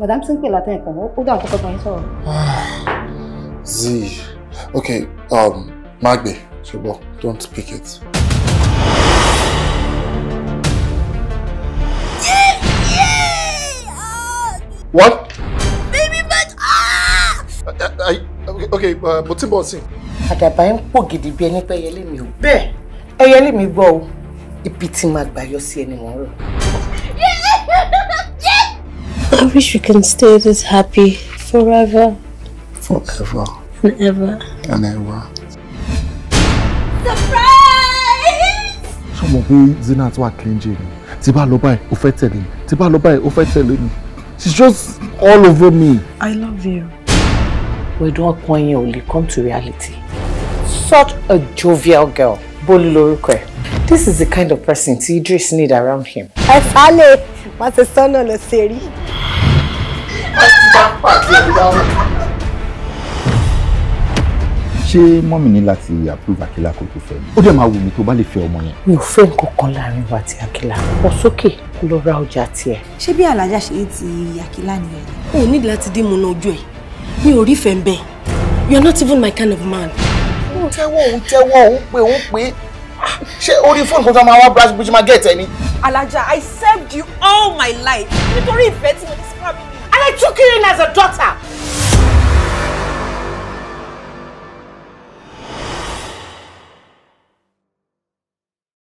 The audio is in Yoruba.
madam ti ń pè látẹ̀ kan ó dà kó tọkàn yín zee okay um, magbe ṣùgbọ́n don't pick it. What? Baby but ah! I, okay, mo ti bọ̀ sí. Àdàbà ń pò gidi bí ẹni pé ẹyẹlé mi ò bẹ́ẹ̀ ẹyẹlé mi gbọ́ o ibi tí màá gbà yọ sí ẹni mọ̀ ọ́rọ̀. wish we can stay this happy forever. Forever. And ever. And ever. Surprise! Ṣọmọ pé Zina àti wà kíńjì ni. Tí bá lọ báyìí, ó fẹ́ tẹ̀lé lọ báyìí, ó fẹ́ She's just all over me. I love you. Wẹ̀dùn ọkàn yẹn ò lè come to reality. Such a jovial girl. Bólú lorúkọ This is the kind of person tí Idris need around him. Ẹ sálẹ̀, màá ṣe sọ́nà lọ sí rí. pàtí bá pàtí ẹ̀ dáhùn. ṣé mọ́mì ní láti approve àkílà kó tó fẹ́ mi ó dẹ̀ máa wù mí tó bá lè fẹ́ ọmọ yẹn. mi ò fẹ́ nǹkan kan láàrin wa àti àkílà pọ̀ sókè kó lọ ra ọjà tiẹ̀. ṣé bí alájà ṣe ń ti àkílà nìyẹn. o ò nídìí láti dín mu náà ojú ẹ mi ò rí fẹ́ẹ́ bẹ́ẹ̀ you are not even my kind of man. òun tẹ́wọ́ òun tẹ́wọ́ òun pé òun pé ṣé orí fóònù kan tó máa wá bí ṣe máa gẹ̀ẹ́tẹ̀ ni. alájà I served you all my life nítorí ìfẹ́ tí mo ti sí fún mi. I took you in as a daughter.